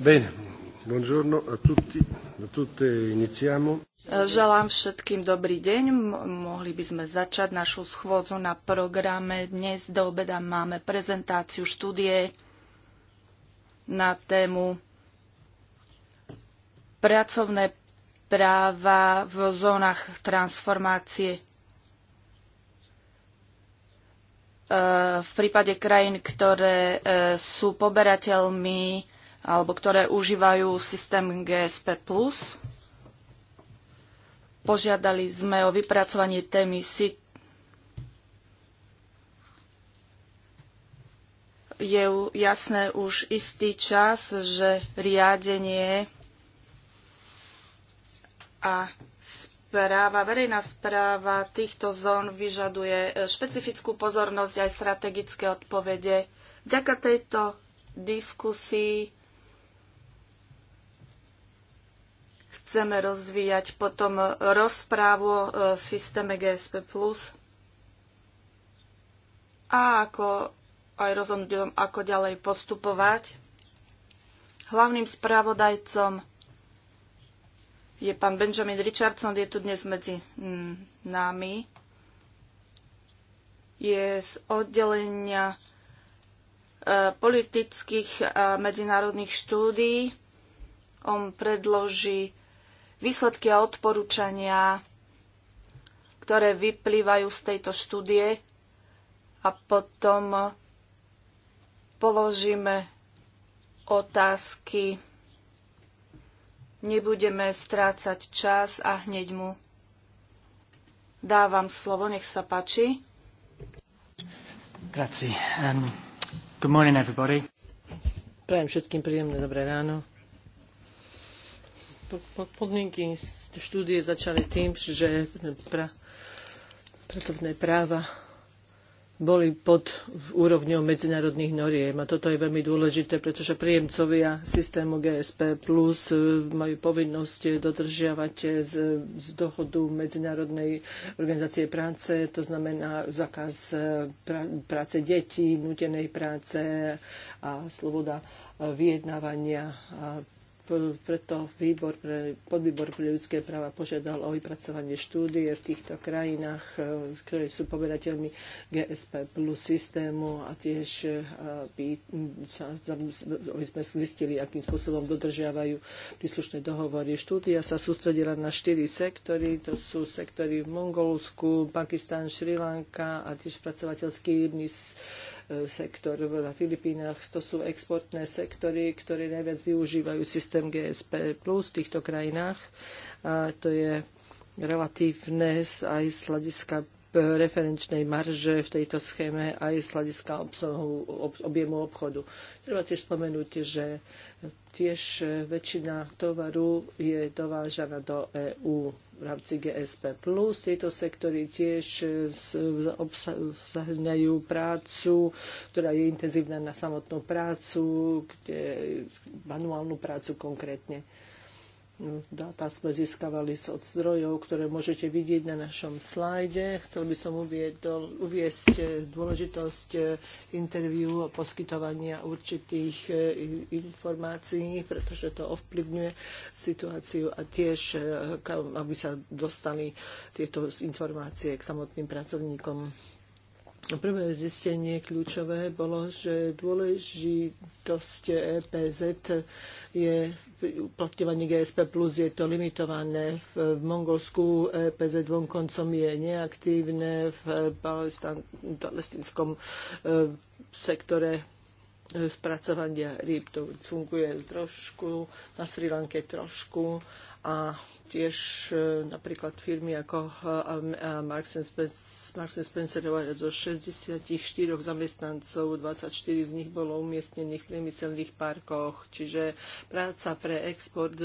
Bene, buongiorno a tutti, a tutte iniziamo. Želám všetkým dobrý deň. Mohli by sme začať našu schôdzu na programe. Dnes do obeda máme prezentáciu štúdie na tému pracovné práva v zónach transformácie. E, v prípade krajín, ktoré e, sú poberateľmi alebo ktoré užívajú systém GSP+. Požiadali sme o vypracovanie témy SIT je jasné už istý čas, že riadenie a správa, verejná správa týchto zón vyžaduje eh, špecifickú pozornosť aj strategické odpovede. Vďaka tejto diskusii Chceme rozvíjať potom rozprávu o e, systéme GSP+. A ako aj rozhodnúť, ako ďalej postupovať. Hlavným spravodajcom je pán Benjamin Richardson, je tu dnes medzi nami. Je z oddelenia e, politických a medzinárodných štúdií. On predloží výsledky a odporúčania, ktoré vyplývajú z tejto štúdie a potom položíme otázky. Nebudeme strácať čas a hneď mu dávam slovo, nech sa páči. Grazie. Um, good morning, everybody. Prajem všetkým príjemné dobré ráno podmienky štúdie začali tým, že pra, pracovné práva boli pod úrovňou medzinárodných noriem. A toto je veľmi dôležité, pretože príjemcovia systému GSP plus e, majú povinnosť dodržiavať z, z dohodu Medzinárodnej organizácie práce, to znamená zákaz e, pra, práce detí, nutenej práce a sloboda e, vyjednávania a preto výbor pre, podvýbor pre ľudské práva požiadal o vypracovanie štúdie v týchto krajinách, e, ktoré sú poberateľmi GSP plus systému a tiež e, by sa, aby sme zistili, akým spôsobom dodržiavajú príslušné dohovory. Štúdia sa sústredila na štyri sektory. To sú sektory v Mongolsku, Pakistan, Šri Lanka a tiež pracovateľský biznis sektor na Filipínach. To sú exportné sektory, ktoré najviac využívajú systém GSP plus v týchto krajinách. A to je relatívne aj z hľadiska referenčnej marže v tejto schéme aj z hľadiska obsahu, ob, objemu obchodu. Treba tiež spomenúť, že tiež väčšina tovaru je dovážaná do EÚ v rámci GSP+. Tieto sektory tiež zahrňajú prácu, ktorá je intenzívna na samotnú prácu, kde, manuálnu prácu konkrétne. No, Dáta sme získavali od zdrojov, ktoré môžete vidieť na našom slajde. Chcel by som uviesť e, dôležitosť e, interviu a poskytovania určitých e, informácií, pretože to ovplyvňuje situáciu a tiež, aby sa dostali tieto informácie k samotným pracovníkom. No, prvé zistenie kľúčové bolo, že dôležitosť EPZ je uplatňovanie GSP plus je to limitované. V Mongolsku EPZ vonkoncom je neaktívne, v palestinskom e, sektore e, spracovania rýb to funguje trošku, na Sri Lanke trošku a tiež e, napríklad firmy ako e, e, Marks Marks Spencer zo 64 zamestnancov, 24 z nich bolo umiestnených v priemyselných parkoch, čiže práca pre export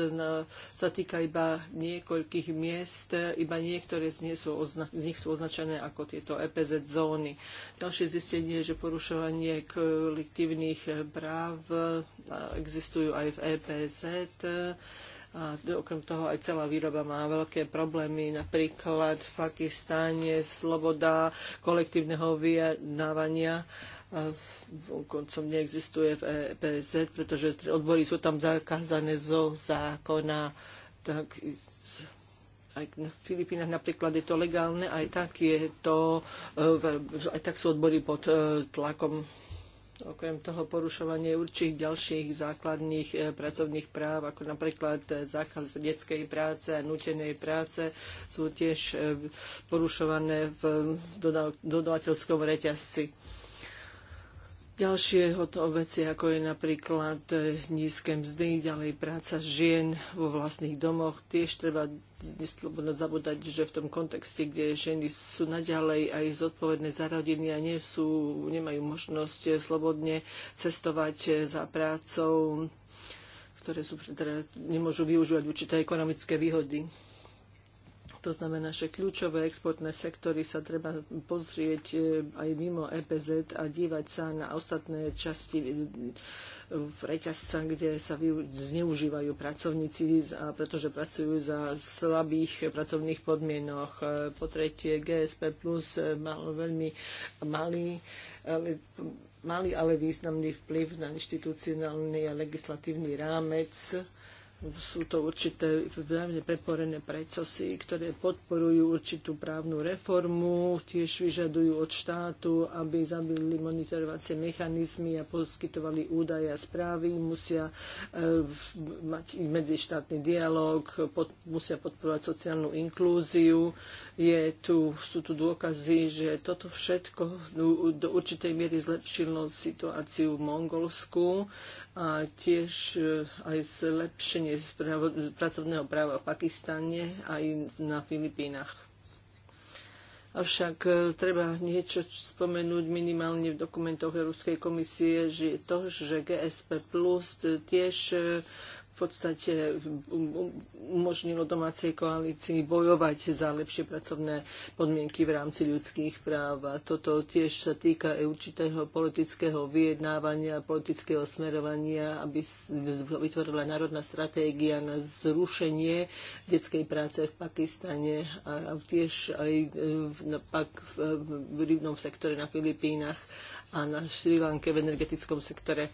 sa týka iba niekoľkých miest, iba niektoré z nich sú, ozna- z nich sú označené ako tieto EPZ zóny. Ďalšie zistenie je, že porušovanie kolektívnych práv existujú aj v EPZ a okrem toho aj celá výroba má veľké problémy, napríklad v Pakistáne sloboda kolektívneho vyjednávania koncom neexistuje v EPZ, pretože odbory sú tam zakázané zo zákona. Tak aj na Filipínach napríklad je to legálne, aj tak je to, e, aj tak sú odbory pod e, tlakom Okrem toho porušovanie určitých ďalších základných e, pracovných práv, ako napríklad e, zákaz detskej práce a nutenej práce, sú tiež e, porušované v dodávateľskom reťazci. Ďalšie hotové veci, ako je napríklad eh, nízke mzdy, ďalej práca žien vo vlastných domoch. Tiež treba neslobodno zabúdať, že v tom kontexte, kde ženy sú naďalej aj zodpovedné za rodiny a nie sú, nemajú možnosť eh, slobodne cestovať eh, za prácou, ktoré sú, teda nemôžu využívať určité ekonomické výhody. To znamená, že kľúčové exportné sektory sa treba pozrieť e, aj mimo EPZ a dívať sa na ostatné časti e, v reťazca, kde sa zneužívajú pracovníci, pretože pracujú za slabých pracovných podmienok. E, po tretie, GSP Plus mal veľmi malý ale ale významný vplyv na inštitucionálny a legislatívny rámec sú to určité vzájomne preporené procesy, ktoré podporujú určitú právnu reformu, tiež vyžadujú od štátu, aby zabili monitorovacie mechanizmy a poskytovali údaje a správy, musia e, mať medzištátny dialog, pod, musia podporovať sociálnu inklúziu. Je tu, sú tu dôkazy, že toto všetko no, do určitej miery zlepšilo situáciu v Mongolsku a tiež e, aj zlepšenie pracovného práva v Pakistane aj na Filipínach. Avšak e, treba niečo spomenúť minimálne v dokumentoch Európskej komisie, že je to, že GSP Plus e, tiež v podstate um, um, umožnilo domácej koalícii bojovať za lepšie pracovné podmienky v rámci ľudských práv. A toto tiež sa týka aj určitého politického vyjednávania, politického smerovania, aby vytvorila národná stratégia na zrušenie detskej práce v Pakistane a tiež aj e, v, pak v, v rybnom sektore na Filipínach a na Šri Lanke v energetickom sektore.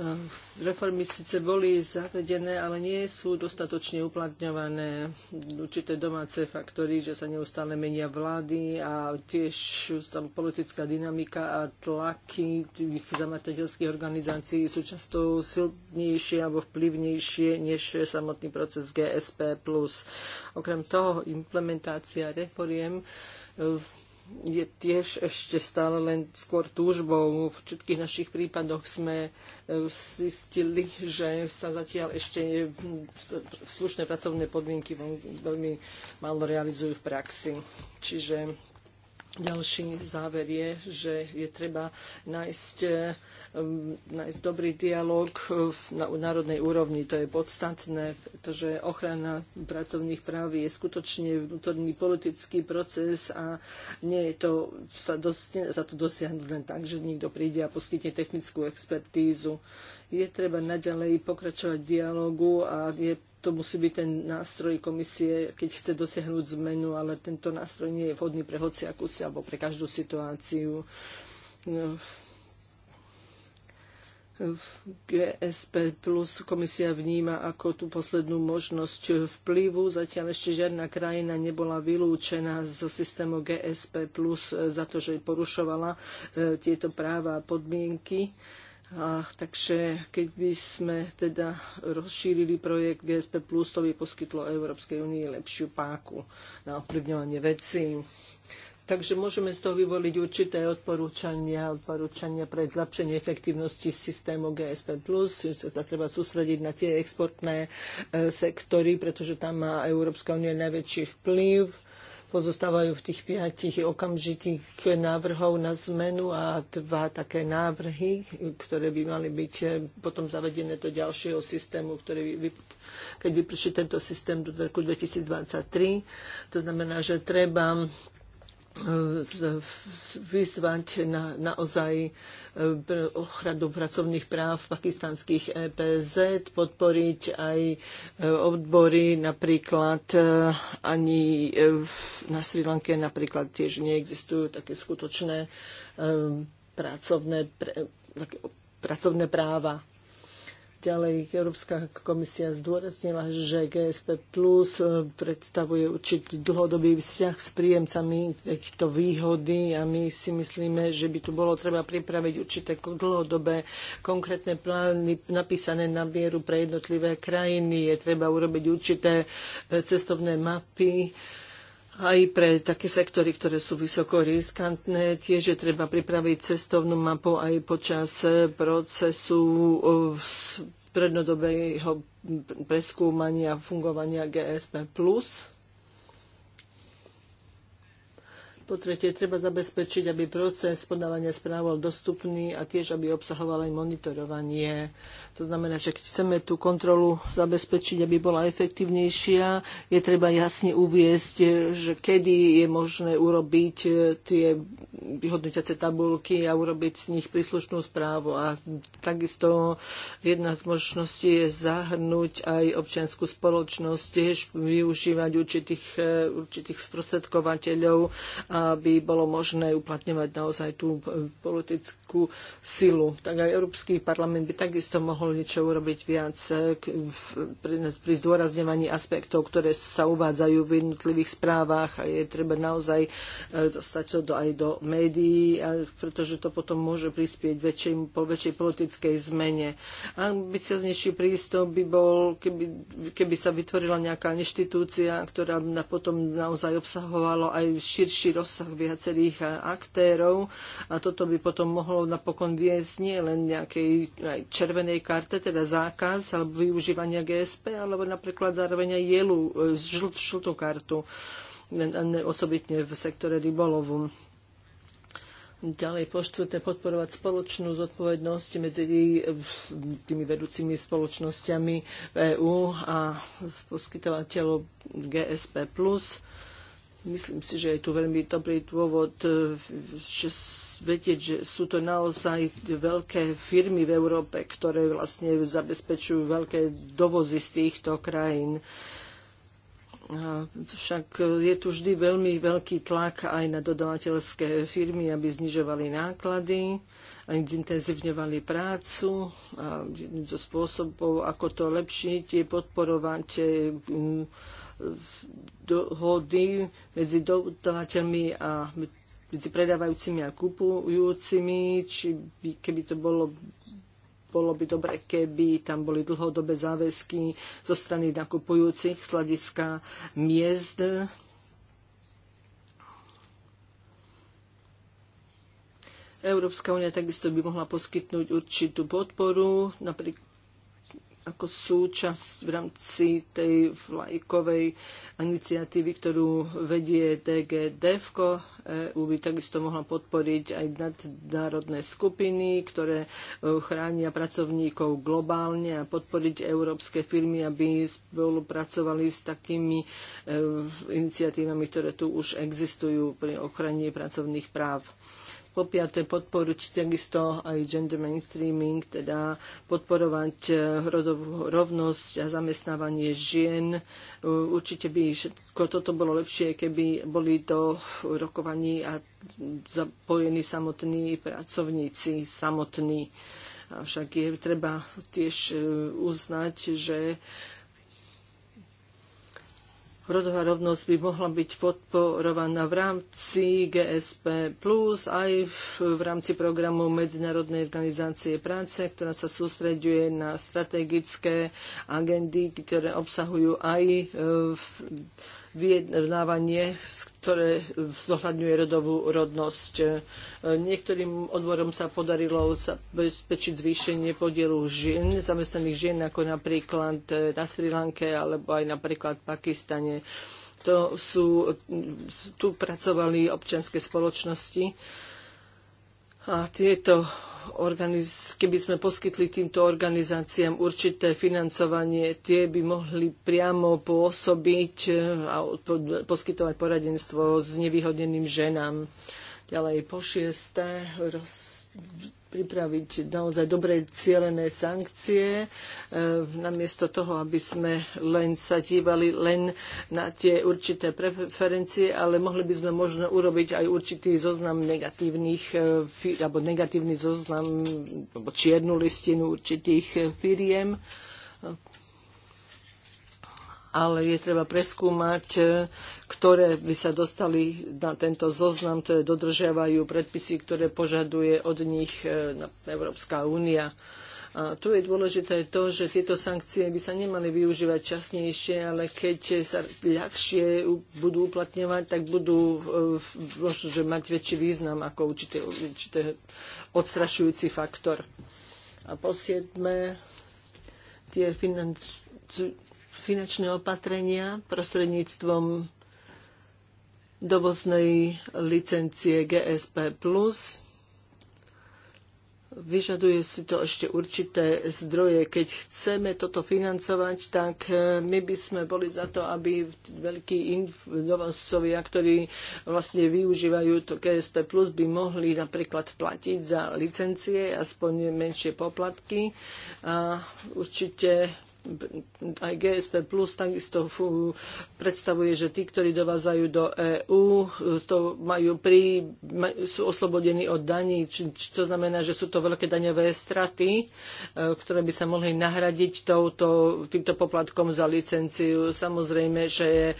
Ehm, reformy síce boli zavedené, ale nie sú dostatočne uplatňované určité domáce faktory, že sa neustále menia vlády a tiež tam politická dynamika a tlaky tých zamateľských organizácií sú často silnejšie alebo vplyvnejšie než samotný proces GSP+. Okrem toho implementácia reforiem ehm, je tiež ešte stále len skôr túžbou. V všetkých našich prípadoch sme e, zistili, že sa zatiaľ ešte e, slušné pracovné podmienky veľmi málo realizujú v praxi. Čiže ďalší záver je, že je treba nájsť e, Um, nájsť dobrý dialog uh, na národnej úrovni. To je podstatné, pretože ochrana pracovných práv je skutočne vnútorný politický proces a nie je to, sa, dosť, sa to dosiahnuť len tak, že niekto príde a poskytne technickú expertízu. Je treba naďalej pokračovať dialogu a je to musí byť ten nástroj komisie, keď chce dosiahnuť zmenu, ale tento nástroj nie je vhodný pre hociakú si alebo pre každú situáciu. No GSP plus komisia vníma ako tú poslednú možnosť vplyvu. Zatiaľ ešte žiadna krajina nebola vylúčená zo systému GSP plus za to, že porušovala e, tieto práva a podmienky. A, takže keď by sme teda rozšírili projekt GSP plus, to by poskytlo Európskej únii lepšiu páku na ovplyvňovanie vecí. Takže môžeme z toho vyvoliť určité odporúčania, odporúčania pre zlepšenie efektívnosti systému GSP+, sa treba sústrediť na tie exportné e, sektory, pretože tam má Európska únia najväčší vplyv pozostávajú v tých piatich okamžitých návrhov na zmenu a dva také návrhy, ktoré by mali byť e, potom zavedené do ďalšieho systému, ktorý vy, keď vyprší tento systém do roku 2023. To znamená, že treba vyzvať na, naozaj e, ochranu pracovných práv pakistanských EPZ, podporiť aj e, odbory, napríklad e, ani na Sri Lanke napríklad tiež neexistujú také skutočné pracovné, také pracovné práva. Ďalej Európska komisia zdôraznila, že GSP Plus e, predstavuje určitý dlhodobý vzťah s príjemcami týchto výhody a my si myslíme, že by tu bolo treba pripraviť určité dlhodobé konkrétne plány napísané na mieru pre jednotlivé krajiny. Je treba urobiť určité e, cestovné mapy, aj pre také sektory, ktoré sú vysoko riskantné. Tiež je treba pripraviť cestovnú mapu aj počas eh, procesu eh, prednodobého preskúmania fungovania GSP+. Po tretie, treba zabezpečiť, aby proces podávania správ bol dostupný a tiež, aby obsahoval aj monitorovanie. To znamená, že keď chceme tú kontrolu zabezpečiť, aby bola efektívnejšia, je treba jasne uviesť, že kedy je možné urobiť eh, tie vyhodnotiace tabulky a urobiť z nich príslušnú správu. A takisto jedna z možností je zahrnúť aj občianskú spoločnosť, tiež využívať určitých, e, určitých sprostredkovateľov, aby bolo možné uplatňovať naozaj tú e, politickú silu. Tak aj Európsky parlament by takisto mohol niečo urobiť viac e, pri, pri zdôrazňovaní aspektov, ktoré sa uvádzajú v jednotlivých správach a je treba naozaj dostať to do, aj do médií, pretože to potom môže prispieť väčšej, po väčšej politickej zmene. Ambicioznejší prístup by bol, keby, keby sa vytvorila nejaká inštitúcia, ktorá na potom naozaj obsahovala aj širší rozsah viacerých aktérov a toto by potom mohlo napokon viesť nie len nejakej aj červenej karte, teda zákaz alebo využívania GSP, alebo napríklad zároveň aj jelu, žltú kartu osobitne v sektore rybolovu. Ďalej po štvrté podporovať spoločnú zodpovednosť medzi tými vedúcimi spoločnosťami EU EÚ a poskytovateľov GSP+. Myslím si, že je tu veľmi dobrý dôvod, e, že vedieť, že sú to naozaj veľké firmy v Európe, ktoré vlastne zabezpečujú veľké dovozy z týchto krajín. Však je tu vždy veľmi veľký tlak aj na dodavateľské firmy, aby znižovali náklady a zintenzívňovali prácu. A jedným zo spôsobov, ako to lepšiť, je podporovať mm, dohody medzi dodavateľmi a medzi predávajúcimi a kupujúcimi, či by, keby to bolo bolo by dobre, keby tam boli dlhodobé záväzky zo strany nakupujúcich z hľadiska miest. Európska únia takisto by mohla poskytnúť určitú podporu, napríklad ako súčasť v rámci tej vlajkovej iniciatívy, ktorú vedie DG DEVKO. EU by takisto mohla podporiť aj nadnárodné skupiny, ktoré e, chránia pracovníkov globálne a podporiť európske firmy, aby spolupracovali s takými e, iniciatívami, ktoré tu už existujú pri ochrane pracovných práv. Po piaté podporuť takisto aj gender mainstreaming, teda podporovať eh, rodovú rovnosť a zamestnávanie žien. Určite by všetko toto bolo lepšie, keby boli to rokovaní a zapojení samotní pracovníci, samotní. Avšak je treba tiež eh, uznať, že rodová rovnosť by mohla byť podporovaná v rámci GSP+, plus aj v, v rámci programu Medzinárodnej organizácie práce, ktorá sa sústreďuje na strategické agendy, ktoré obsahujú aj e, v, vyjednávanie, ktoré zohľadňuje rodovú rodnosť. Niektorým odborom sa podarilo zabezpečiť zvýšenie podielu žien, zamestnaných žien, ako napríklad na Sri Lanke alebo aj napríklad v Pakistane. To sú, tu pracovali občianske spoločnosti a tieto organiz- keby sme poskytli týmto organizáciám určité financovanie, tie by mohli priamo pôsobiť e, a poskytovať poradenstvo s nevyhodneným ženám. Ďalej po šiesté roz- pripraviť naozaj dobre cielené sankcie, e, namiesto toho, aby sme len sa dívali len na tie určité preferencie, ale mohli by sme možno urobiť aj určitý zoznam negatívnych, e, alebo negatívny zoznam, alebo čiernu listinu určitých e, firiem, ale je treba preskúmať, e, ktoré by sa dostali na tento zoznam, ktoré dodržiavajú predpisy, ktoré požaduje od nich e, Európska únia. A tu je dôležité to, že tieto sankcie by sa nemali využívať časnejšie, ale keď sa ľahšie budú uplatňovať, tak budú e, možno, že mať väčší význam ako určité, určité odstrašujúci faktor. A posiedme tie finančné finančné opatrenia prostredníctvom dovoznej licencie GSP+. Vyžaduje si to ešte určité zdroje. Keď chceme toto financovať, tak eh, my by sme boli za to, aby veľkí dovozcovia, ktorí vlastne využívajú to GSP+, by mohli napríklad platiť za licencie, aspoň menšie poplatky. A určite aj GSP Plus takisto predstavuje, že tí, ktorí dovázajú do EÚ, to majú pri, sú oslobodení od daní, čo to znamená, že sú to veľké daňové straty, e, ktoré by sa mohli nahradiť touto, týmto poplatkom za licenciu. Samozrejme, že e,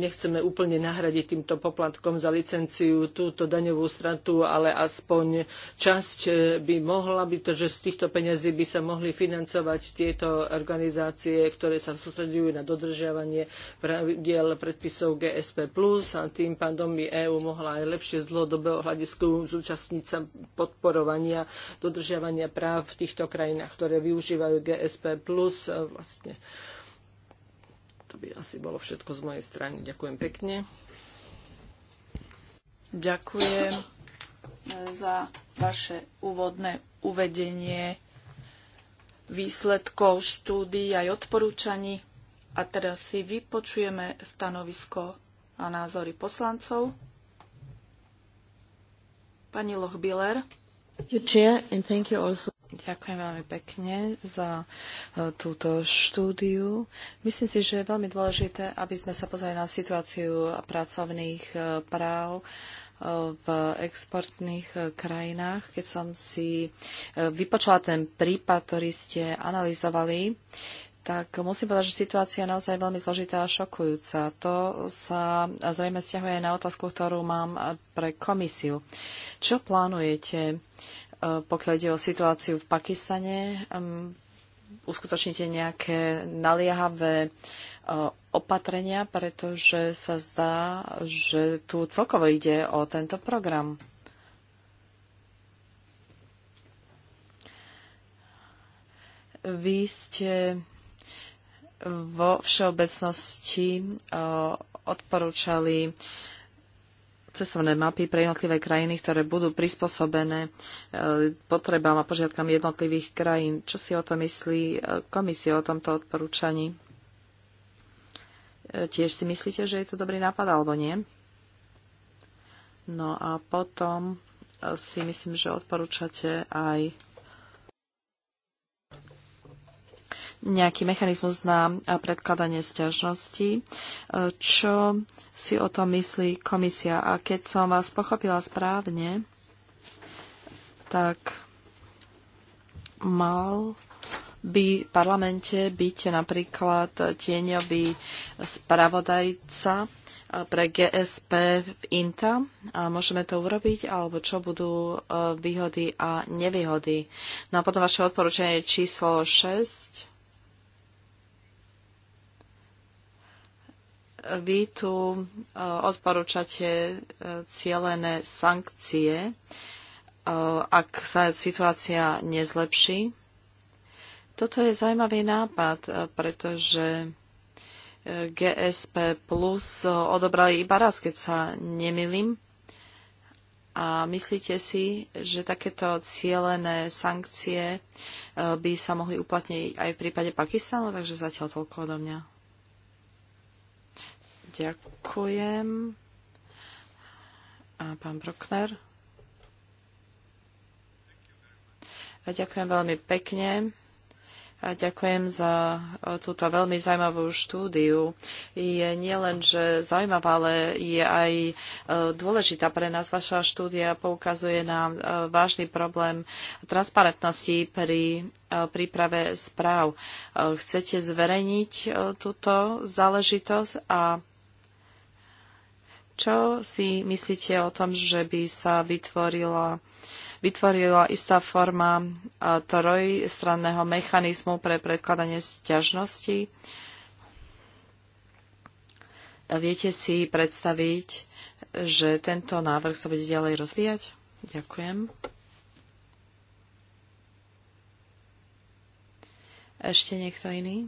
nechceme úplne nahradiť týmto poplatkom za licenciu túto daňovú stratu, ale aspoň časť e, by mohla byť, že z týchto peňazí by sa mohli financovať tieto ergo organizácie, ktoré sa sústredujú na dodržiavanie pravidiel predpisov GSP+, a tým pádom by EÚ mohla aj lepšie z dlhodobého hľadiska zúčastniť sa podporovania dodržiavania práv v týchto krajinách, ktoré využívajú GSP+. E, vlastne to by asi bolo všetko z mojej strany. Ďakujem pekne. Ďakujem za vaše úvodné uvedenie výsledkov štúdií aj odporúčaní. A teraz si vypočujeme stanovisko a názory poslancov. Pani Biller. Ďakujem veľmi pekne za e, túto štúdiu. Myslím si, že je veľmi dôležité, aby sme sa pozreli na situáciu pracovných e, práv v exportných eh, krajinách. Keď som si eh, vypočula ten prípad, ktorý ste analyzovali, tak musím povedať, že situácia je naozaj veľmi zložitá a šokujúca. To sa zrejme stiahuje aj na otázku, ktorú mám pre komisiu. Čo plánujete, eh, pokiaľ ide o situáciu v Pakistane? Hm, Uskutočnite nejaké naliehavé e, opatrenia, pretože sa zdá, že tu celkovo ide o tento program. Vy ste vo všeobecnosti e, odporúčali cestovné mapy pre jednotlivé krajiny, ktoré budú prispôsobené e, potrebám a požiadkam jednotlivých krajín. Čo si o to myslí e, komisia o tomto odporúčaní? E, tiež si myslíte, že je to dobrý nápad, alebo nie? No a potom si myslím, že odporúčate aj nejaký mechanizmus na predkladanie sťažnosti. E, čo si o tom myslí komisia? A keď som vás pochopila správne, tak mal by v parlamente byť napríklad tieňový spravodajca pre GSP v INTA. A môžeme to urobiť, alebo čo budú e, výhody a nevýhody. No a potom vaše odporúčanie číslo 6 Vy tu e, odporúčate e, cielené sankcie, e, ak sa situácia nezlepší. Toto je zaujímavý nápad, pretože GSP Plus odobrali iba raz, keď sa nemilím. A myslíte si, že takéto cielené sankcie by sa mohli uplatniť aj v prípade Pakistanu? Takže zatiaľ toľko odo mňa. Ďakujem. A pán Brokner. ďakujem veľmi pekne. A ďakujem za e, túto veľmi zaujímavú štúdiu. Je nielen, že zaujímavá, ale je aj e, dôležitá pre nás. Vaša štúdia poukazuje na e, vážny problém transparentnosti pri príprave správ. Chcete zverejniť túto záležitosť a čo si myslíte o tom, že by sa vytvorila, vytvorila istá forma trojstranného mechanizmu pre predkladanie sťažností? Viete si predstaviť, že tento návrh sa bude ďalej rozvíjať? Ďakujem. Ešte niekto iný?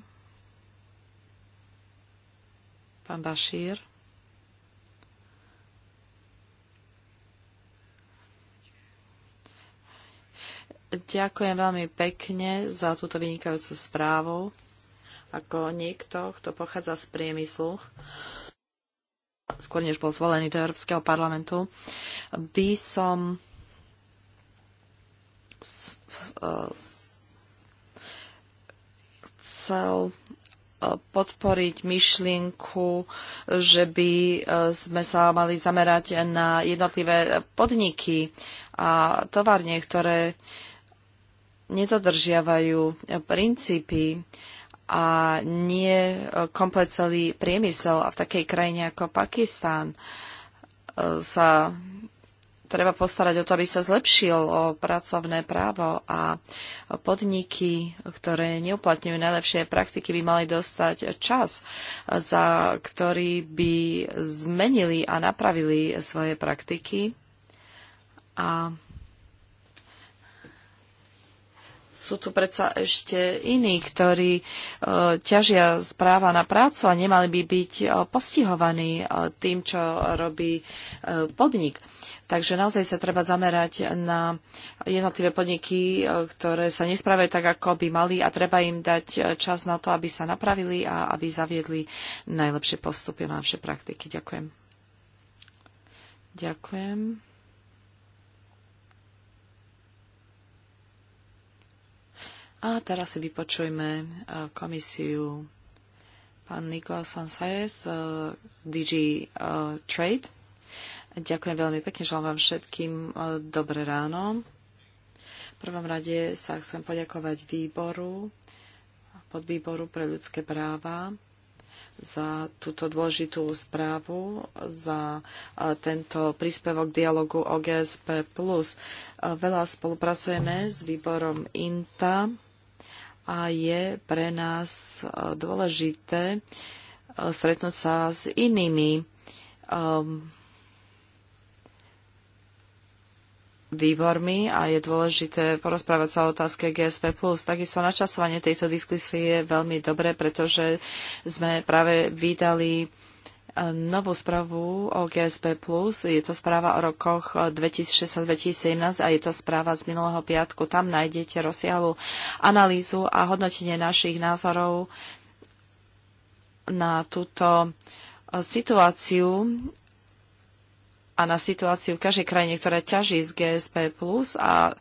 Pán Bašír. Ďakujem veľmi pekne za túto vynikajúcu správu. Ako niekto, kto pochádza z priemyslu, skôr než bol zvolený do Európskeho parlamentu, by som chcel e, podporiť myšlienku, že by e, sme sa mali zamerať na jednotlivé podniky a továrne, ktoré nedodržiavajú princípy a nie e, komplet celý priemysel a v takej krajine ako Pakistán e, sa treba postarať o to, aby sa zlepšilo pracovné právo a podniky, ktoré neuplatňujú najlepšie praktiky, by mali dostať čas, za ktorý by zmenili a napravili svoje praktiky a sú tu predsa ešte iní, ktorí e, ťažia z práva na prácu a nemali by byť e, postihovaní e, tým, čo robí e, podnik. Takže naozaj sa treba zamerať na jednotlivé podniky, e, ktoré sa nespravia tak, ako by mali a treba im dať e, čas na to, aby sa napravili a aby zaviedli najlepšie postupy, najlepšie praktiky. Ďakujem. Ďakujem. A teraz si vypočujme e, komisiu pán Niko Sansaez, e, DG e, Trade. Ďakujem veľmi pekne, želám vám všetkým dobré ráno. V prvom rade sa chcem poďakovať výboru, podvýboru pre ľudské práva za túto dôležitú správu, za tento príspevok dialogu o GSP+. Veľa spolupracujeme s výborom INTA, a je pre nás eh, dôležité eh, stretnúť sa s inými um, výbormi a je dôležité porozprávať sa o otázke GSP+. Takisto načasovanie tejto diskusie je veľmi dobré, pretože sme práve vydali novú správu o GSP+. Je to správa o rokoch 2016-2017 eh, a je to správa z minulého piatku. Tam nájdete rozsiahlu analýzu a hodnotenie našich názorov na túto eh, situáciu a na situáciu v každej krajine, ktorá ťaží z GSP+, a eh,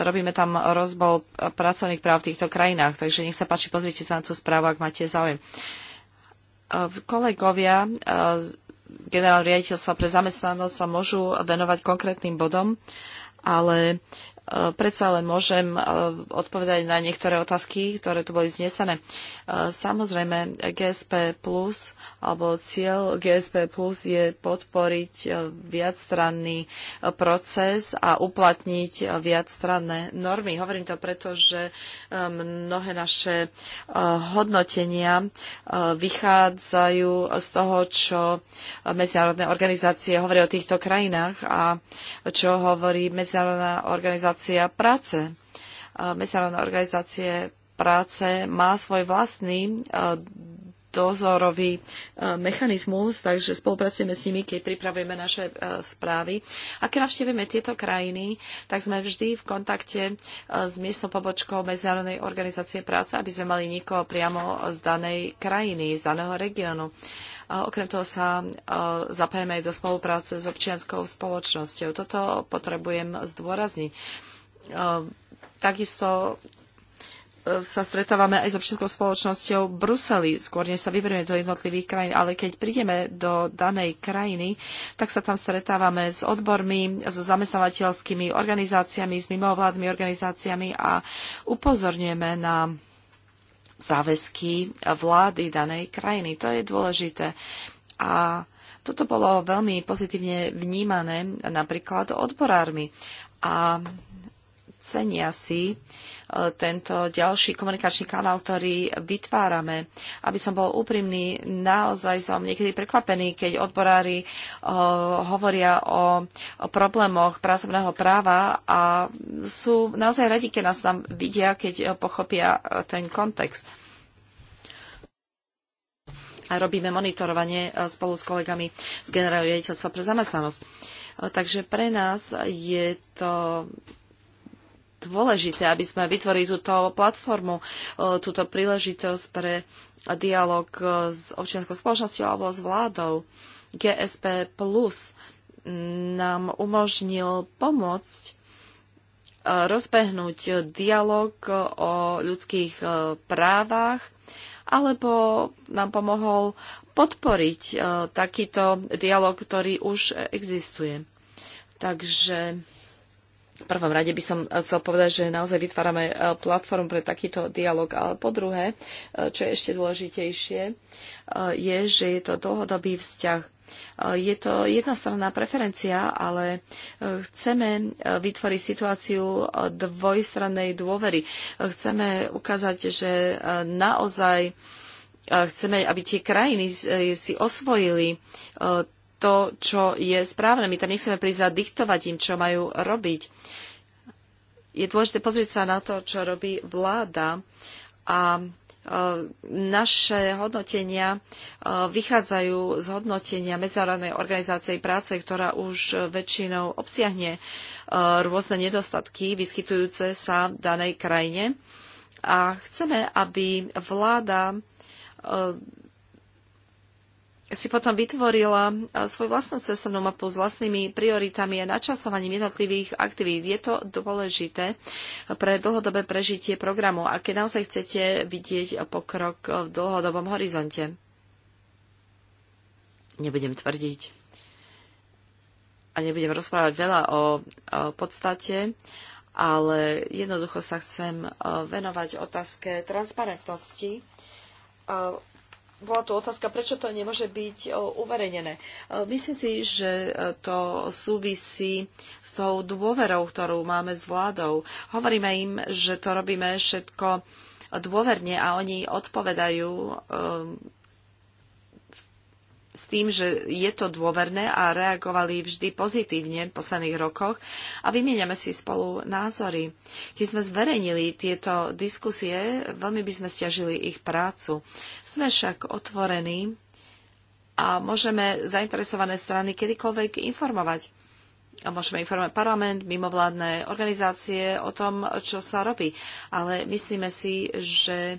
robíme tam rozbol pracovných práv v týchto krajinách. Takže nech sa páči, pozrite sa na tú správu, ak máte záujem. Kolegovia e, generál riaditeľstva pre zamestnanosť sa môžu venovať konkrétnym bodom, ale E, predsa len môžem e, odpovedať na niektoré otázky, ktoré tu boli znesené. E, samozrejme, GSP plus, alebo cieľ GSP plus je podporiť viacstranný proces a uplatniť viacstranné normy. Hovorím to preto, že mnohé naše hodnotenia vychádzajú z toho, čo medzinárodné organizácie hovoria o týchto krajinách a čo hovorí medzinárodná organizácia organizácia práce. Medzinárodná organizácie práce má svoj vlastný e, dozorový e, mechanizmus, takže spolupracujeme s nimi, keď pripravujeme naše e, správy. A keď navštívime tieto krajiny, tak sme vždy v kontakte s miestnou pobočkou Medzinárodnej organizácie práce, aby sme mali niekoho priamo z danej krajiny, z daného regiónu. A okrem toho sa e, zapájame aj do spolupráce s občianskou spoločnosťou. Toto potrebujem zdôrazniť. E, takisto e, sa stretávame aj s občianskou spoločnosťou v Bruseli, skôr než sa vyberieme do jednotlivých krajín, ale keď prídeme do danej krajiny, tak sa tam stretávame s odbormi, so zamestnávateľskými organizáciami, s mimovládnymi organizáciami a upozorňujeme na záväzky vlády danej krajiny. To je dôležité. A toto bolo veľmi pozitívne vnímané napríklad odborármi. A cenia si e, tento ďalší komunikačný kanál, ktorý vytvárame. Aby som bol úprimný, naozaj som niekedy prekvapený, keď odborári e, hovoria o, problémoch pracovného práva a sú naozaj radi, keď nás tam vidia, keď e, pochopia ten kontext. A robíme monitorovanie spolu s kolegami z Generálneho riaditeľstva pre zamestnanosť. Takže pre nás je to dôležité, aby sme vytvorili túto platformu, e, túto príležitosť pre dialog e, s občianskou spoločnosťou alebo s vládou. GSP Plus nám umožnil pomôcť e, rozbehnúť dialog o ľudských právach alebo nám pomohol podporiť takýto dialog, ktorý už existuje. Takže prvom rade by som eh, chcel povedať, že naozaj vytvárame eh, platformu pre takýto dialog. Ale po druhé, eh, čo je ešte dôležitejšie, je, že je to dlhodobý vzťah. Je to jednostranná preferencia, ale chceme vytvoriť situáciu dvojstrannej dôvery. Chceme ukázať, že naozaj chceme, aby tie krajiny si osvojili to, čo je správne. My tam nechceme prísť a diktovať im, čo majú robiť. Je dôležité pozrieť sa na to, čo robí vláda a e, naše hodnotenia e, vychádzajú z hodnotenia Medzinárodnej organizácie práce, ktorá už väčšinou obsiahne e, rôzne nedostatky vyskytujúce sa v danej krajine. A chceme, aby vláda si potom vytvorila e, svoju vlastnú cestovnú mapu s vlastnými prioritami a načasovaním jednotlivých aktivít. Je to dôležité pre dlhodobé prežitie programu, a keď naozaj chcete vidieť pokrok v dlhodobom horizonte. Nebudem tvrdiť a nebudem rozprávať veľa o, podstate, ale jednoducho sa chcem e, venovať otázke transparentnosti e, bola tu otázka, prečo to nemôže byť e, uverejnené. E, myslím si, že e, to súvisí s tou dôverou, ktorú máme s vládou. Hovoríme im, že to robíme všetko dôverne a oni odpovedajú s tým, že je to dôverné a reagovali vždy pozitívne v posledných rokoch a vymieňame si spolu názory. Keď sme zverejnili tieto diskusie, veľmi by sme stiažili ich prácu. Sme však otvorení a môžeme zainteresované strany kedykoľvek informovať. A môžeme informovať parlament, mimovládne organizácie o tom, čo sa robí. Ale myslíme si, že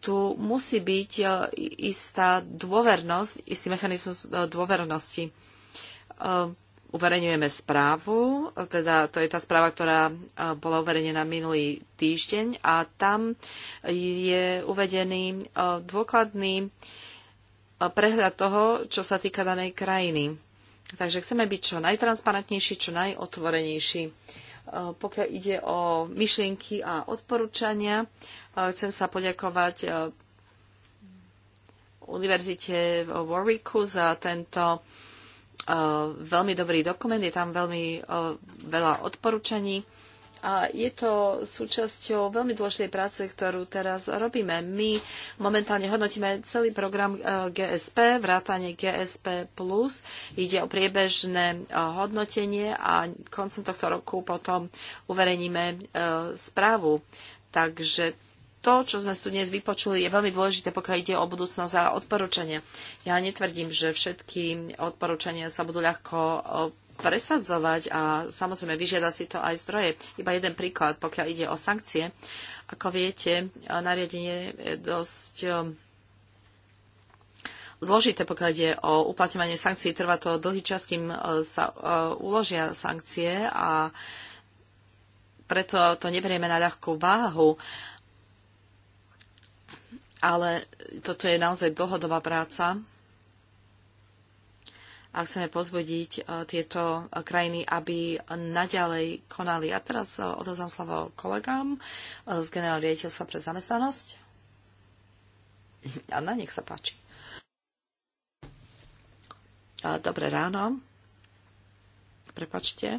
tu musí byť e, istá dôvernosť, istý mechanizmus e, dôvernosti. E, uverejňujeme správu, teda to je tá správa, ktorá bola uverejnená minulý týždeň a tam je uvedený dôkladný prehľad toho, čo sa týka danej krajiny. Takže chceme byť čo najtransparentnejší, čo najotvorenejší. Eh, pokiaľ ide o myšlienky a odporúčania, eh, chcem sa poďakovať eh, Univerzite v Warwicku za tento veľmi dobrý dokument. Je tam veľmi veľa odporúčaní a je to súčasťou veľmi dôležitej práce, ktorú teraz robíme. My momentálne hodnotíme celý program e, GSP, vrátanie GSP+. Ide o priebežné e, hodnotenie a koncom tohto roku potom uverejníme e, správu. Takže to, čo sme tu dnes vypočuli, je veľmi dôležité, pokiaľ ide o budúcnosť a odporúčania. Ja netvrdím, že všetky odporúčania sa budú ľahko presadzovať a samozrejme vyžiada si to aj zdroje. Iba jeden príklad, pokiaľ ide o sankcie. Ako viete, nariadenie je dosť um, zložité, pokiaľ ide o uplatňovanie sankcií. Trvá to dlhý čas, kým uh, sa uh, uložia sankcie a preto to neberieme na ľahkú váhu. Ale toto je naozaj dlhodobá práca a chceme pozbudiť e, tieto e, krajiny, aby naďalej konali. A teraz e, odozám slovo kolegám z generál riaditeľstva pre zamestnanosť. Anna, nech sa páči. Dobré ráno. Prepačte.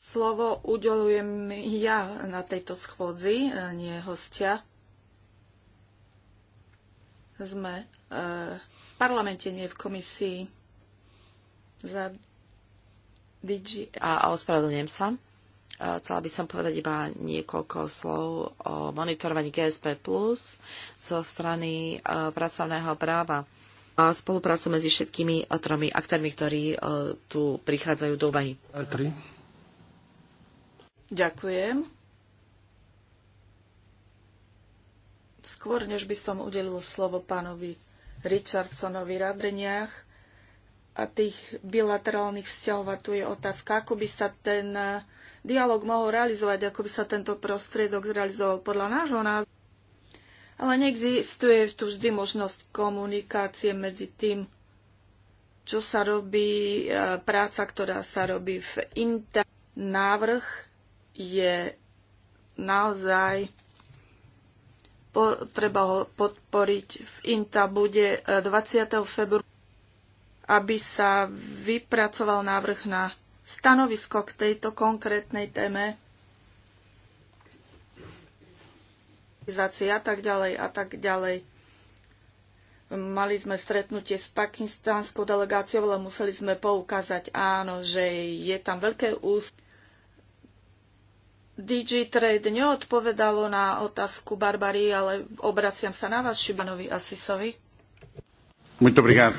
Slovo udelujem ja na tejto schôdzi, nie hostia. Sme v parlamente, nie v komisii za DG. A, a ospravedlňujem sa. Chcela by som povedať iba niekoľko slov o monitorovaní GSP Plus zo strany e, pracovného práva a spoluprácu medzi všetkými e, tromi aktérmi, ktorí e, tu prichádzajú do úvahy. Ďakujem. Skôr, než by som udelil slovo pánovi Richardsonovi radreniach a tých bilaterálnych vzťahov. A tu je otázka, ako by sa ten eh, dialog mohol realizovať, ako by sa tento prostriedok zrealizoval podľa nášho názoru. Ale neexistuje tu vždy možnosť komunikácie medzi tým, čo sa robí, eh, práca, ktorá sa robí v inter. Návrh je naozaj po, treba ho podporiť. V INTA bude 20. E, februára, aby sa vypracoval návrh na stanovisko k tejto konkrétnej téme a tak ďalej a tak ďalej. Mali sme stretnutie s pakistánskou delegáciou, ale museli sme poukázať áno, že je tam veľké úsilie DG Trade neodpovedalo na otázku Barbary, ale obraciam sa na vás, Šibanovi Asisovi. Muito obrigado,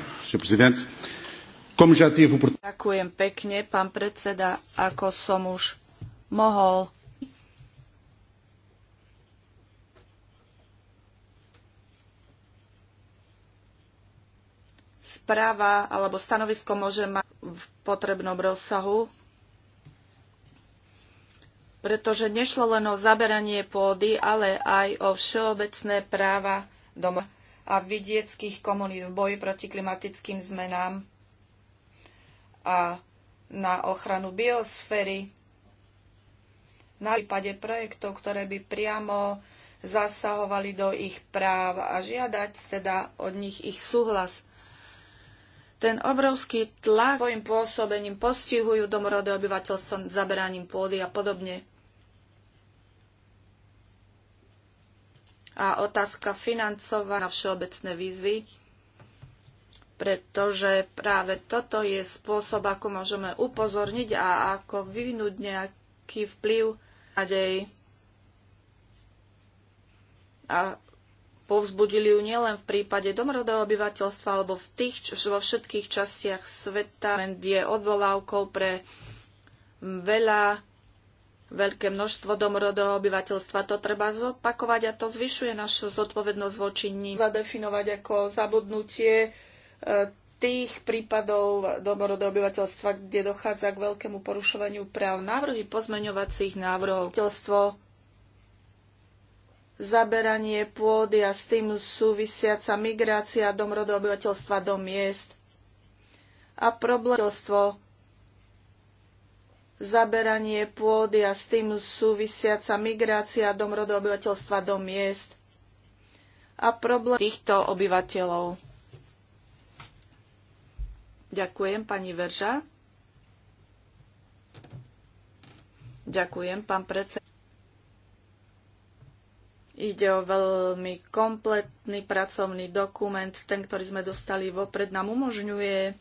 Como já tive Ďakujem pekne, pán predseda, ako som už mohol správa alebo stanovisko môže mať v potrebnom rozsahu pretože nešlo len o zaberanie pôdy, ale aj o všeobecné práva doma a vidieckých komunít v boji proti klimatickým zmenám a na ochranu biosféry. Na prípade projektov, ktoré by priamo zasahovali do ich práv a žiadať teda od nich ich súhlas ten obrovský tlak svojim pôsobením postihujú domorodé obyvateľstvo zaberaním pôdy a podobne. A otázka financovania na všeobecné výzvy, pretože práve toto je spôsob, ako môžeme upozorniť a ako vyvinúť nejaký vplyv nádej. A povzbudili ju nielen v prípade domorodého obyvateľstva, alebo v tých, vo všetkých častiach sveta. Je odvolávkou pre veľa, veľké množstvo domorodého obyvateľstva. To treba zopakovať a to zvyšuje našu zodpovednosť voči ním. Zadefinovať ako zabudnutie e, tých prípadov domorodého obyvateľstva, kde dochádza k veľkému porušovaniu práv. Návrhy pozmeňovacích návrhov. Obyvateľstvo zaberanie pôdy a s tým súvisiaca migrácia domrodu obyvateľstva do miest a problémstvo zaberanie pôdy a s tým súvisiaca migrácia domrodu obyvateľstva do miest a problém týchto obyvateľov. Ďakujem, pani Verža. Ďakujem, pán predseda. Ide o veľmi kompletný pracovný dokument. Ten, ktorý sme dostali vopred, nám umožňuje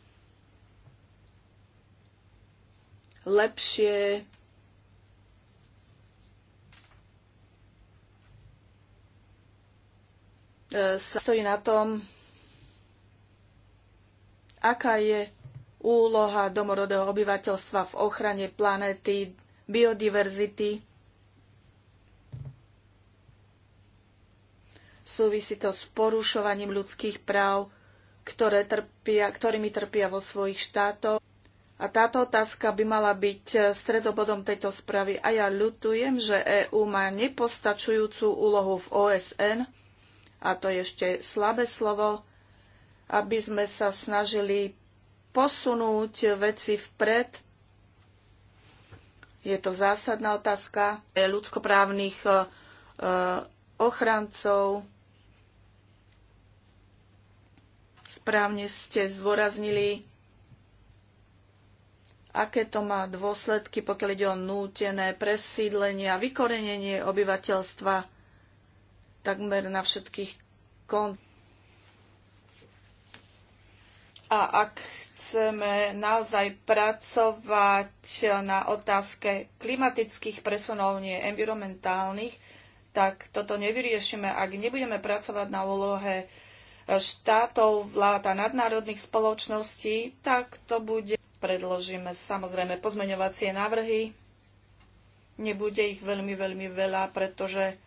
lepšie e, sa stojí na tom, aká je úloha domorodého obyvateľstva v ochrane planéty, biodiverzity Súvisí to s porušovaním ľudských práv, ktoré trpia, ktorými trpia vo svojich štátoch. A táto otázka by mala byť eh, stredobodom tejto správy. A ja ľutujem, že EÚ má nepostačujúcu úlohu v OSN, a to je ešte slabé slovo, aby sme sa snažili posunúť veci vpred. Je to zásadná otázka e ľudskoprávnych eh, eh, ochrancov Správne ste zvoraznili, aké to má dôsledky, pokiaľ ide o nútené presídlenie a vykorenenie obyvateľstva takmer na všetkých kont. A ak chceme naozaj pracovať na otázke klimatických presunov, nie environmentálnych, tak toto nevyriešime, ak nebudeme pracovať na úlohe štátov, vlád a nadnárodných spoločností, tak to bude. Predložíme samozrejme pozmeňovacie návrhy. Nebude ich veľmi, veľmi veľa, pretože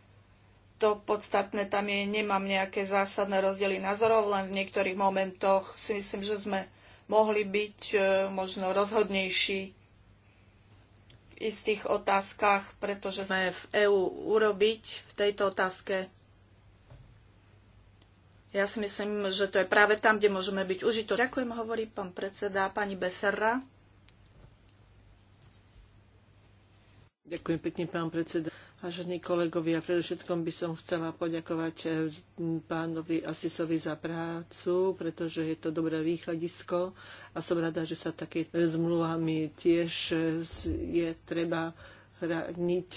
to podstatné tam je, nemám nejaké zásadné rozdiely názorov, len v niektorých momentoch si myslím, že sme mohli byť e, možno rozhodnejší v istých otázkach, pretože sme v EÚ urobiť v tejto otázke. Ja si myslím, že to je práve tam, kde môžeme byť užito. Ďakujem, hovorí pán predseda, pani Beserra. Ďakujem pekne, pán predseda. Vážení kolegovia, predovšetkom by som chcela poďakovať eh, pánovi Asisovi za prácu, pretože je to dobré východisko a som rada, že sa také eh, zmluvami tiež eh, je treba hraniť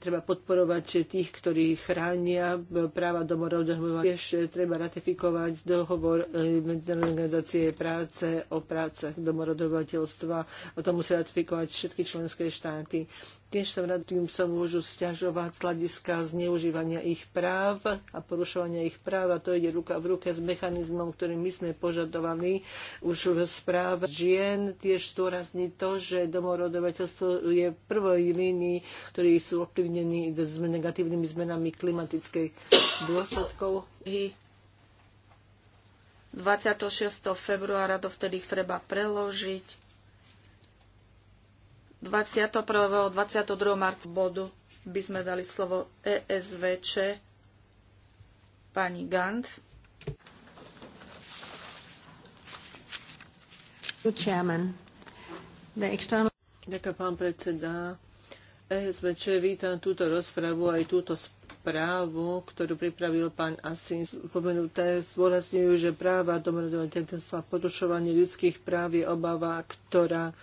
treba podporovať tých, ktorí chránia práva domorodov. Tiež treba ratifikovať dohovor e, Medzinárodnej organizácie práce o prácach domorodovateľstva. O tom musia ratifikovať všetky členské štáty tiež sa radím sa môžu stiažovať z hľadiska zneužívania ich práv a porušovania ich práv a to ide ruka v ruke s mechanizmom, ktorý my sme požadovali už v správe žien. Tiež zdôrazní to, že domorodovateľstvo je v prvej línii, ktorí sú ovplyvnení s negatívnymi zmenami klimatickej dôsledkov. 26. februára dovtedy ich treba preložiť 21. 22. marca bodu by sme dali slovo ESVČ pani Gant. Ďakujem, pán predseda. ESVČ vítam túto rozpravu aj túto správu, ktorú pripravil pán Asin. Spomenuté zdôrazňujú, že práva domorodého tetenstva a porušovanie ľudských práv je obava, ktorá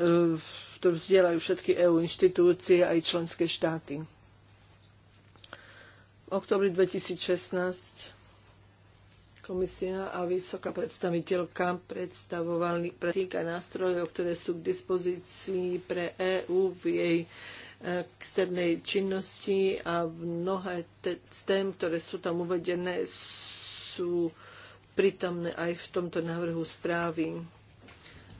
E, ktorú vzdielajú všetky EU inštitúcie aj členské štáty. V oktobri 2016 komisia a vysoká predstaviteľka predstavovali pratíka nástrojov, ktoré sú k dispozícii pre EÚ v jej e, externej činnosti a mnohé z tém, ktoré sú tam uvedené, sú prítomné aj v tomto návrhu správy.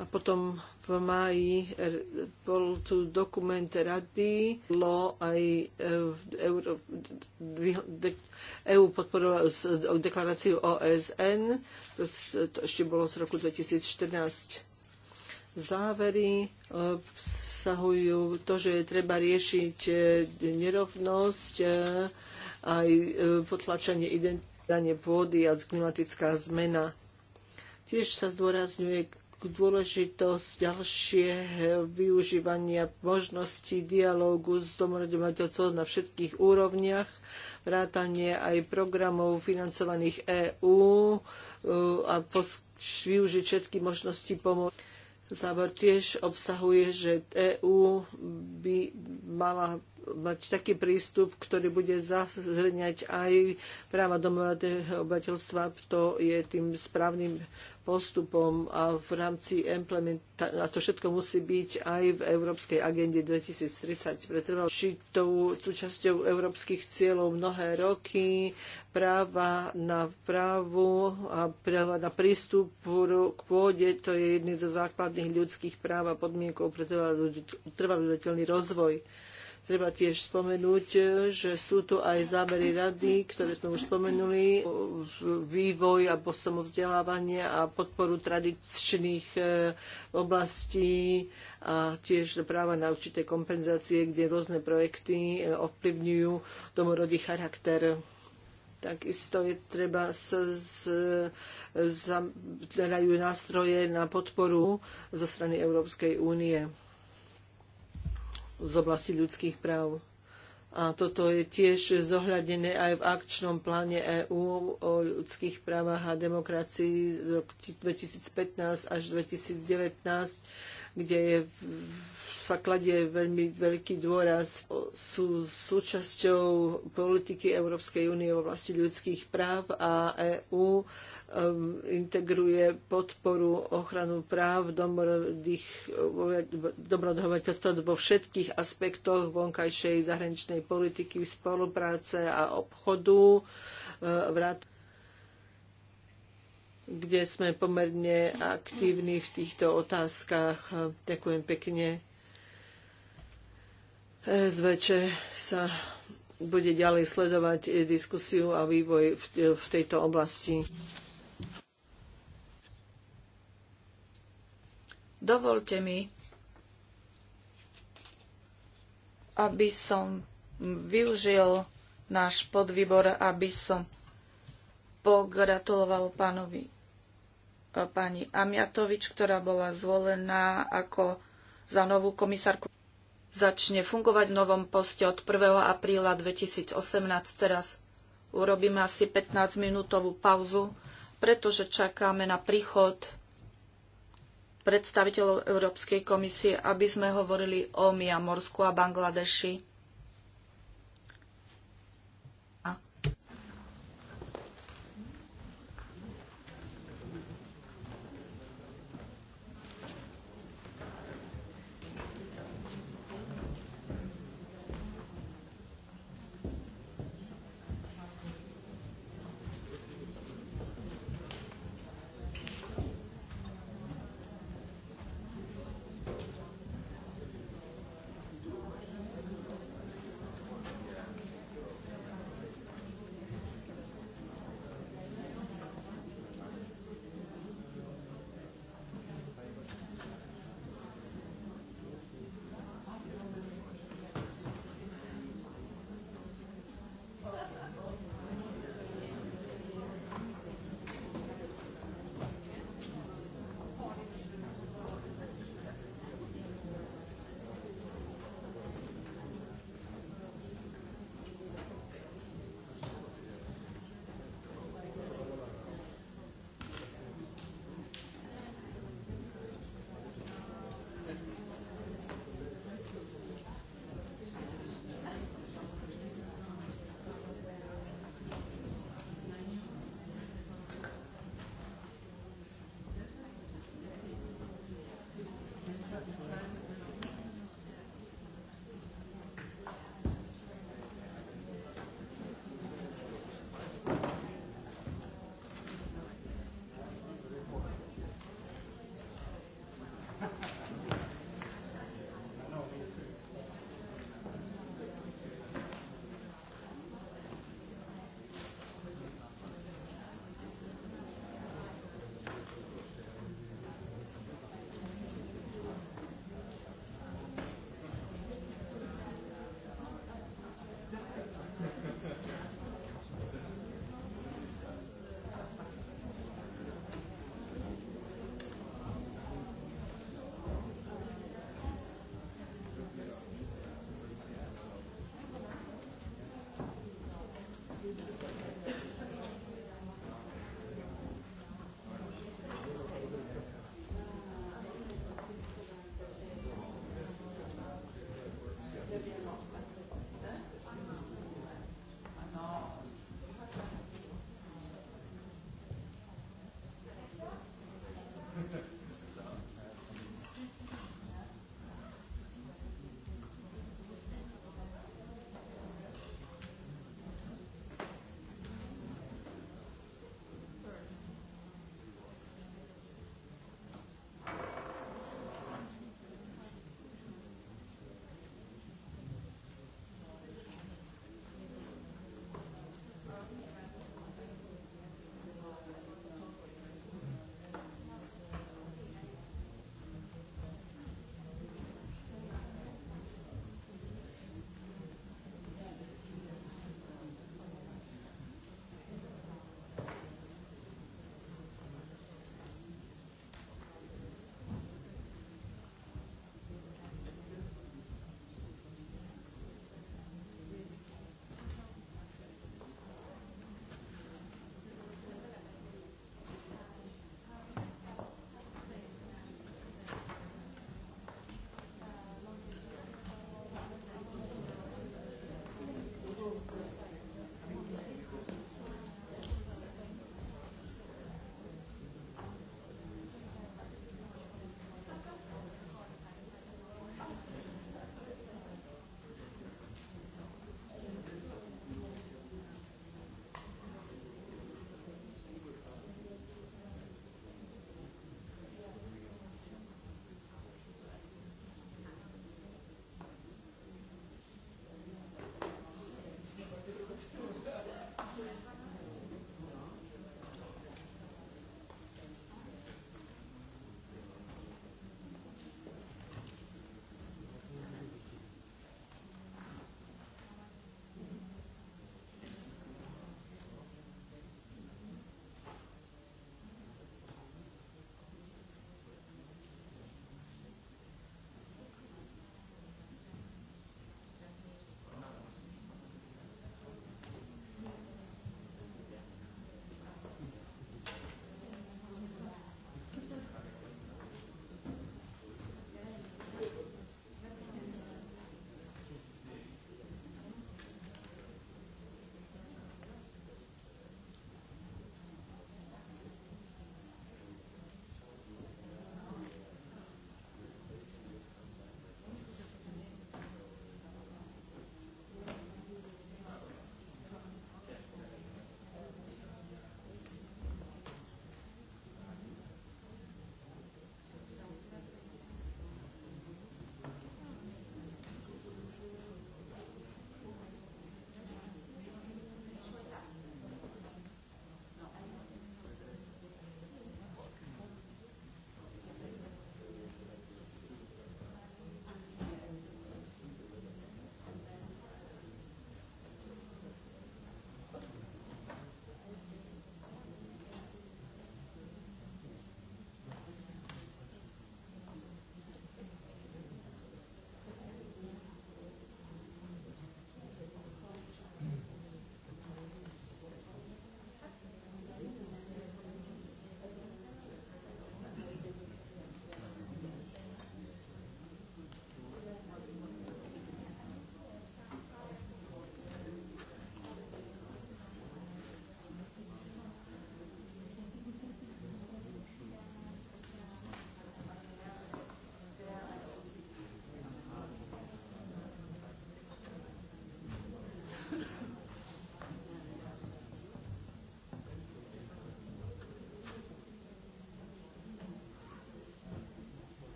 A potom v máji eh, bol tu dokument rady, lo aj eh, EU e podporoval deklaráciu OSN, to, to ešte bolo z roku 2014 závery eh, obsahujú to, že treba riešiť nerovnosť, aj potlačenie identitanie pôdy a klimatická zmena. Tiež sa zdôrazňuje dôležitosť ďalšie využívania možností dialógu s domorodovateľcov na všetkých úrovniach, vrátanie aj programov financovaných EÚ e, a využiť všetky možnosti pomoci. Záver tiež obsahuje, že EÚ by mala mať taký prístup, ktorý bude zahrňať aj práva domorodého obyvateľstva. To je tým správnym postupom a v rámci implementácie, a to všetko musí byť aj v Európskej agende 2030. Pretrval tou súčasťou európskych cieľov mnohé roky práva na právu a práva na prístup k pôde, to je jedný zo základných ľudských práv a podmienkov pre trvalý rozvoj. Treba tiež spomenúť, že sú tu aj zábery rady, ktoré sme už spomenuli, vývoj a samovzdelávanie a podporu tradičných e, oblastí a tiež práva na určité kompenzácie, kde rôzne projekty e, ovplyvňujú domorodý charakter. Takisto je treba sa z, nástroje na podporu zo strany Európskej únie z oblasti ľudských práv. A toto je tiež zohľadené aj v akčnom pláne EÚ o ľudských právach a demokracii z roku 2015 až 2019, kde je, sa kladie veľmi veľký dôraz, sú súčasťou politiky Európskej únie v oblasti ľudských práv a EÚ um, integruje podporu ochranu práv dobrodhovateľstva vo všetkých aspektoch vonkajšej zahraničnej politiky, spolupráce a obchodu, uh, vrát kde sme pomerne aktívni v týchto otázkach. Ďakujem pekne. SVČ sa bude ďalej sledovať diskusiu a vývoj v, v tejto oblasti. Dovolte mi, aby som využil náš podvýbor, aby som pogratuloval pánovi E, pani Amiatovič, ktorá bola zvolená ako za novú komisárku, začne fungovať v novom poste od 1. apríla 2018 teraz. Urobíme asi 15-minútovú pauzu, pretože čakáme na príchod predstaviteľov Európskej komisie, aby sme hovorili o Miamorsku a Bangladeši.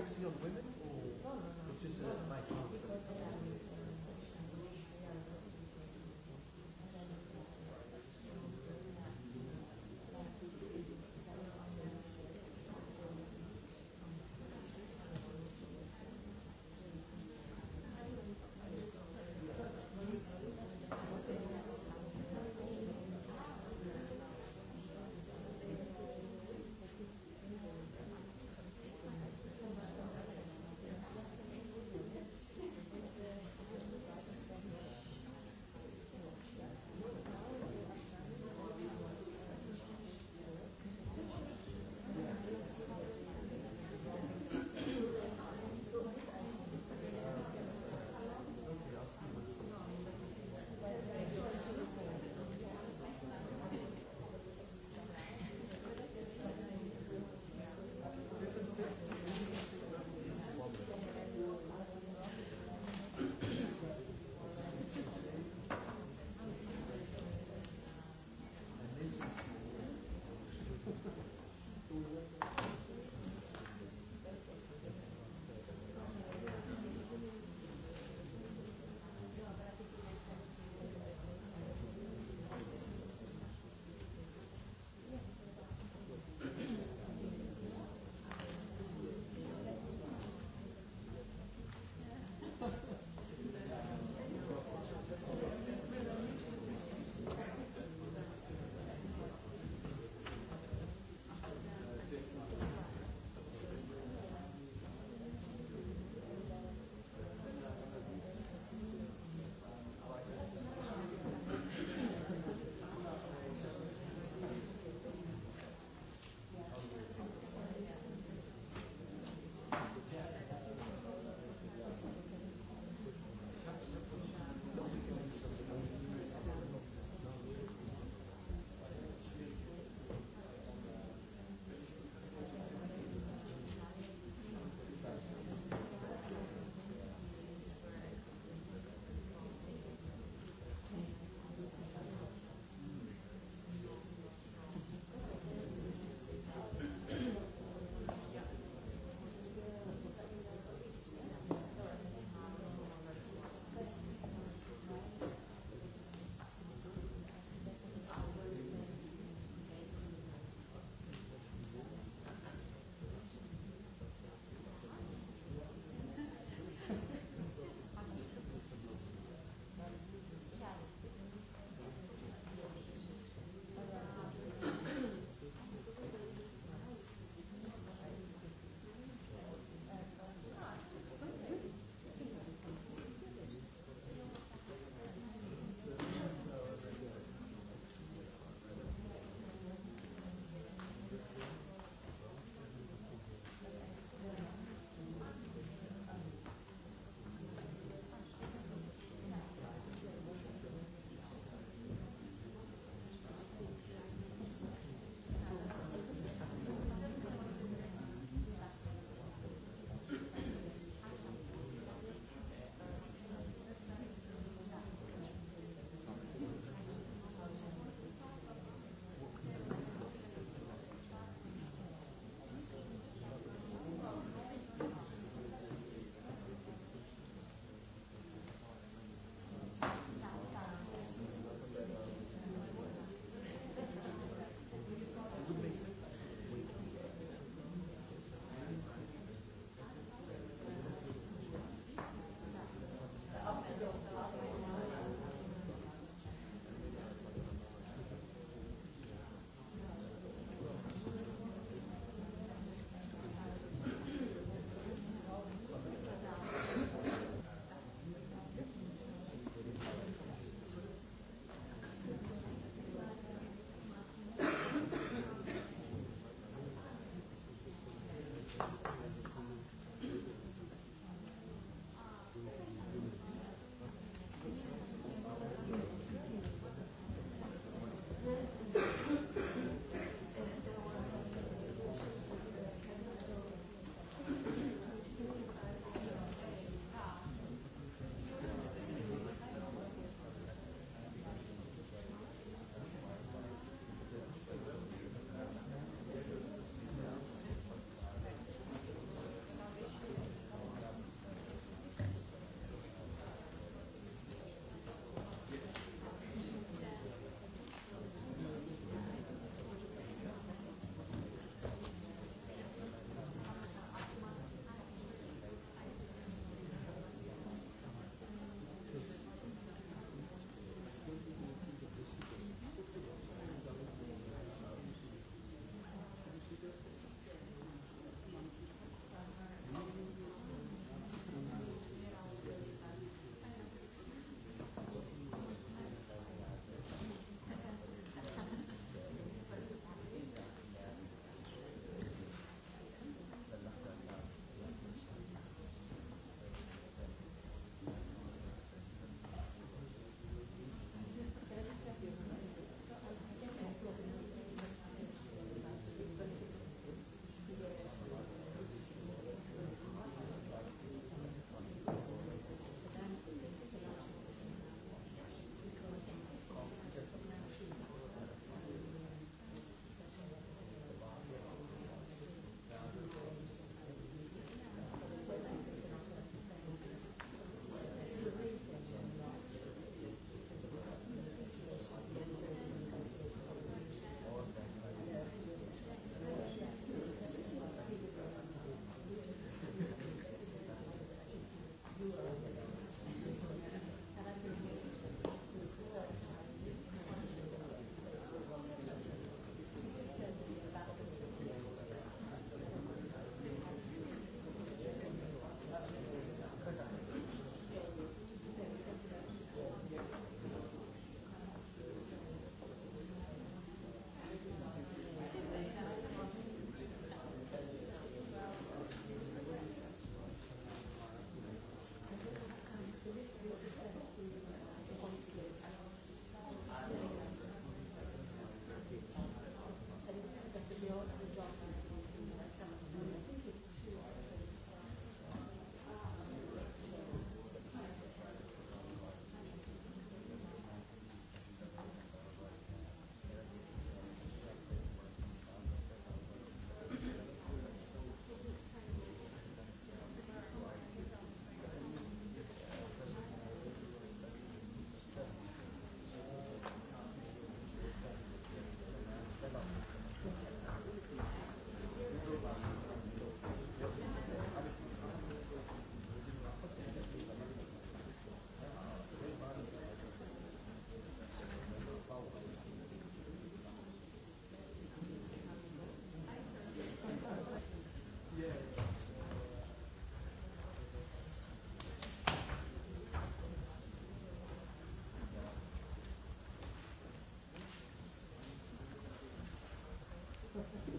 focusing on women, or no, no, no. it's just uh, my chance?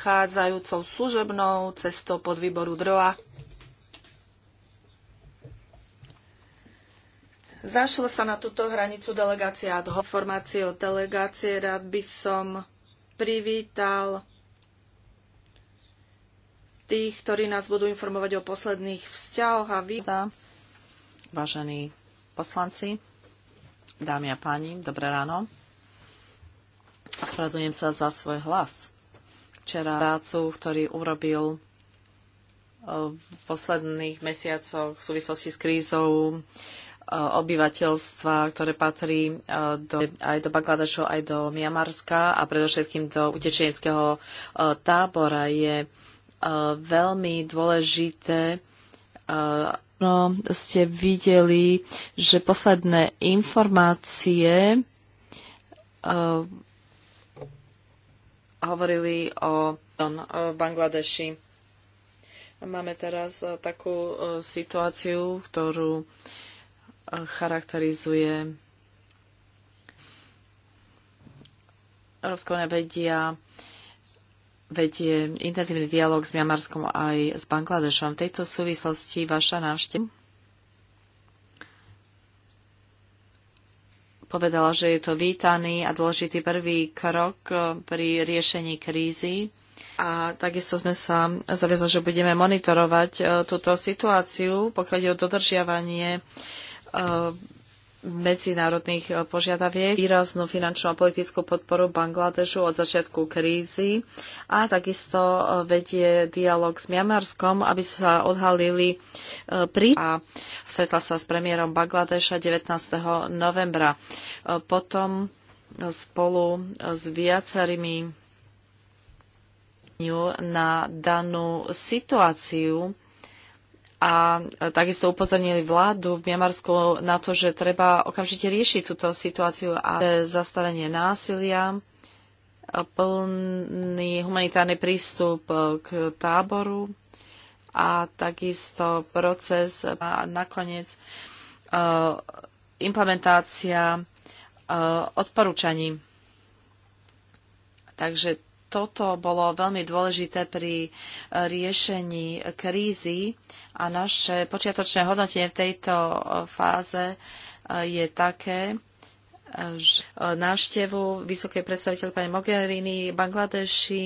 predchádzajúcou služebnou cestou pod výboru DROA. Zašla sa na túto hranicu delegácia ad hoc. Informácie o delegácie rád by som privítal tých, ktorí nás budú informovať o posledných vzťahoch a vy. Vážení poslanci, dámy a páni, dobré ráno. Ospravedlňujem sa za svoj hlas včera prácu, ktorý urobil e, v posledných mesiacoch v súvislosti s krízou e, obyvateľstva, ktoré patrí e, do, aj do Bangladešu, aj do Miamarska a predovšetkým do utečeneckého tábora je veľmi dôležité. No, ste videli, že posledné informácie hovorili o Bangladeši. Máme teraz e, takú e, situáciu, ktorú e, charakterizuje Európska únia vedia vedie intenzívny dialog s Miamarskom aj s Bangladešom. V tejto súvislosti vaša návšteva povedala, že je to vítaný a dôležitý prvý krok eh, pri riešení krízy. A takisto sme sa zaviazali, že budeme monitorovať eh, túto situáciu, pokiaľ je o dodržiavanie eh, medzinárodných eh, požiadaviek, výraznú finančnú a politickú podporu Bangladešu od začiatku krízy a takisto eh, vedie dialog s Miamarskom, aby sa odhalili eh, pri a stretla sa s premiérom Bangladeša 19. novembra. Potom spolu s viacerými na danú situáciu a takisto upozornili vládu v Miamarsku na to, že treba okamžite riešiť túto situáciu a zastavenie násilia, plný humanitárny prístup k táboru a takisto proces a nakoniec e, implementácia e, odporúčaní. Takže toto bolo veľmi dôležité pri e, riešení krízy a naše počiatočné hodnotenie v tejto e, fáze e, je také, že návštevu vysokej predstaviteľ pani Mogherini v Bangladeši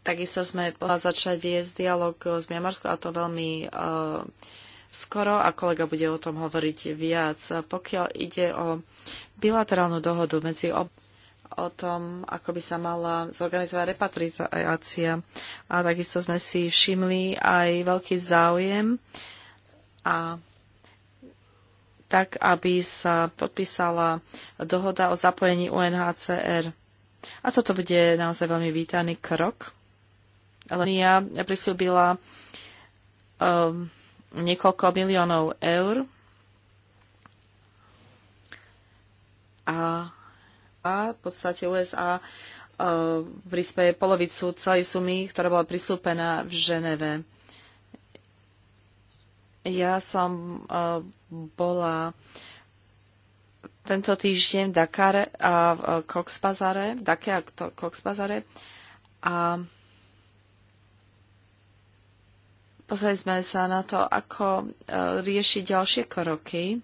Takisto sme začali viesť dialog s Miamarskou a to veľmi uh, skoro a kolega bude o tom hovoriť viac. Pokiaľ ide o bilaterálnu dohodu medzi ob- o tom, ako by sa mala zorganizovať repatriácia. A takisto sme si všimli aj veľký záujem a tak, aby sa podpísala dohoda o zapojení UNHCR. A toto bude naozaj veľmi vítaný krok. Lenia prisúbila. um, ehm, niekoľko miliónov eur. A, v podstate USA e, prispieje polovicu celej sumy, ktorá bola prislúpená v Ženeve. Ja som e, bola tento týždeň v Dakare a v e, Coxbazare, v Dake a Coxbazare a Pozreli sme sa na to, ako e, riešiť ďalšie kroky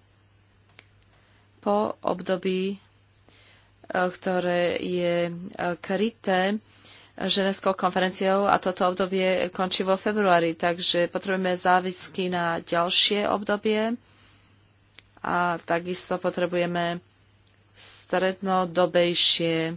po období, e, ktoré je e, kryté ženevskou konferenciou a toto obdobie končí vo februári, takže potrebujeme závisky na ďalšie obdobie a takisto potrebujeme strednodobejšie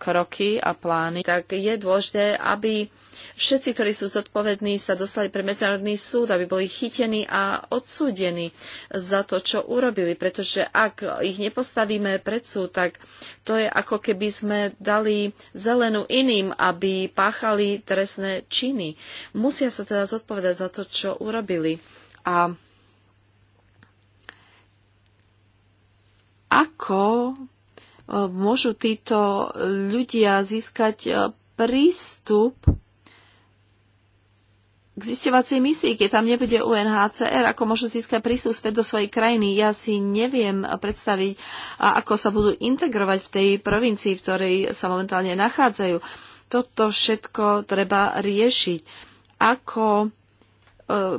kroky a plány, tak je dôležité, aby všetci, ktorí sú zodpovední, sa dostali pre Medzinárodný súd, aby boli chytení a odsúdení za to, čo urobili. Pretože ak ich nepostavíme pred súd, tak to je ako keby sme dali zelenú iným, aby páchali trestné činy. Musia sa teda zodpovedať za to, čo urobili. A ako E, môžu títo ľudia získať e, prístup k zistovacej misii, keď tam nebude UNHCR, ako môžu získať prístup späť do svojej krajiny. Ja si neviem predstaviť, ako sa budú integrovať v tej provincii, v ktorej sa momentálne nachádzajú. Toto všetko treba riešiť. Ako e,